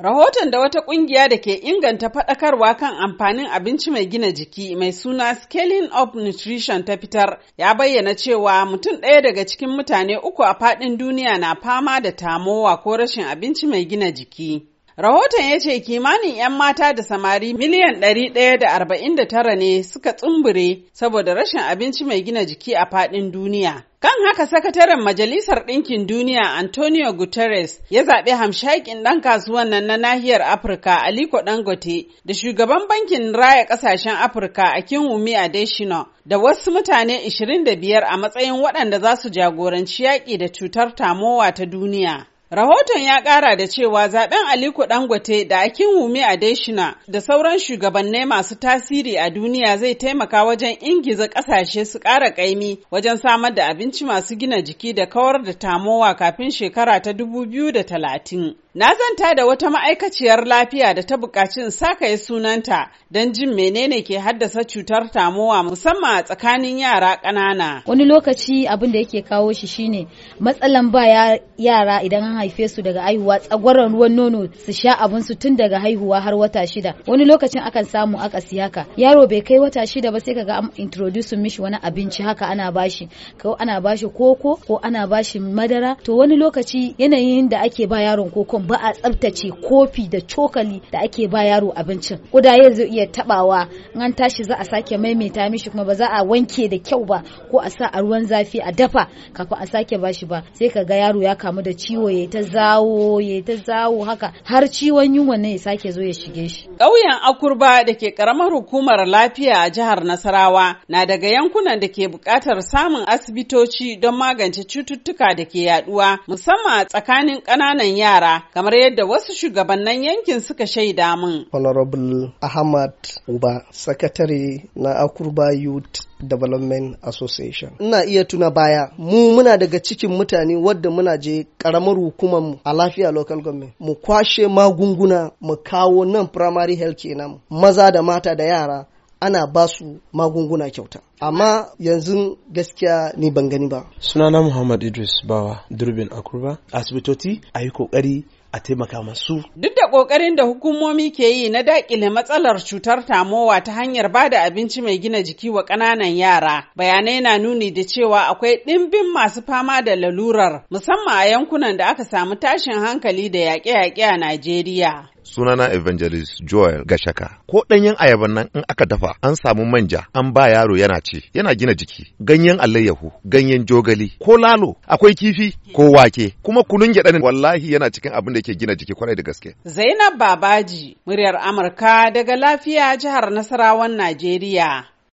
Rahoton da wata kungiya da ke inganta fadakarwa kan amfanin abinci mai gina jiki mai suna Scaling Up Nutrition ta fitar ya bayyana cewa mutum ɗaya daga cikin mutane uku a faɗin duniya na fama da tamowa ko rashin abinci mai gina jiki. Rahoton ya ce kimanin 'yan mata da samari miliyan 149 ne suka tsumbure saboda rashin abinci mai gina jiki a faɗin duniya. Kan haka sakataren Majalisar Ɗinkin Duniya Antonio Guterres ya zaɓi hamshakin ɗan kasuwan nan na nahiyar Afirka Aliko Dangote da shugaban bankin raya ƙasashen Afirka a Kinwumi a Deshino, da wasu mutane 25 a matsayin waɗanda za su jagoranci yaƙi da cutar tamowa ta duniya. Rahoton ya ƙara da cewa zaben Aliko Dangote da Akin Wumi Adeshina da sauran shugabannai masu tasiri a duniya zai taimaka wajen ingiza ƙasashe su ƙara ƙaimi wajen samar da abinci masu gina jiki da kawar da tamowa kafin shekara ta 2030. Na zanta da wata ma'aikaciyar lafiya da ta buƙaci in sakaye sunanta don jin menene ke haddasa cutar tamowa musamman a tsakanin yara ƙanana. Wani lokaci abin da yake kawo shi shine matsalan ba yara idan an haife su daga haihuwa tsagwaron ruwan nono su sha abin su tun daga haihuwa har wata shida. Wani lokacin akan samu aka haka yaro bai kai wata shida ba sai kaga an introduce mishi wani abinci haka ana bashi ko ana bashi koko ko ana bashi madara to wani lokaci yanayin da ake ba yaron koko sakamakon ba a tsabtace kofi da cokali da ake ba yaro abincin da zai iya tabawa in an tashi za a sake maimaita mishi kuma ba za a wanke da kyau ba ko a sa a ruwan zafi a dafa kafin a sake bashi ba sai ka ga yaro ya kamu da ciwo ya ta zawo ya ta zawo haka har ciwon yunwa ne ya sake zo ya shige shi ƙauyen akurba da ke karamar hukumar lafiya a jihar nasarawa na daga yankunan da ke buƙatar samun asibitoci don magance cututtuka da ke yaduwa musamman tsakanin ƙananan yara kamar yadda wasu shugabannin yankin suka shaida min. Honorable Ahmad Uba, sakatare na Akurba Youth Development Association. Ina iya tuna baya, mu muna daga cikin mutane wadda muna je karamar hukumar mu a lafiya local government. Mu kwashe magunguna mu kawo nan primary health kenan maza da mata da yara ana ba su magunguna kyauta. amma yanzu gaskiya ni ban gani ba sunana muhammad idris bawa durbin akurba asibitoci a yi kokari a taimaka masu. Duk da ƙoƙarin da hukumomi ke yi na daƙile matsalar cutar tamowa ta hanyar ba da abinci mai gina jiki wa ƙananan yara, bayanai na nuni da cewa akwai ɗimbin masu fama da lalurar musamman a yankunan da aka samu tashin hankali da yaƙe-yaƙe a Najeriya. sunana evangelist joel gashaka ko ɗanyen ayaban nan in aka dafa an samu manja an ba yaro yana ce, yana gina jiki ganyen alayyahu ganyen jogali ko lalo akwai kifi ko wake kuma kunun gyaɗa wallahi yana cikin abin da ke gina jiki kwarai da gaske zainab babaji muryar amurka daga lafiya jihar nasarawan najeriya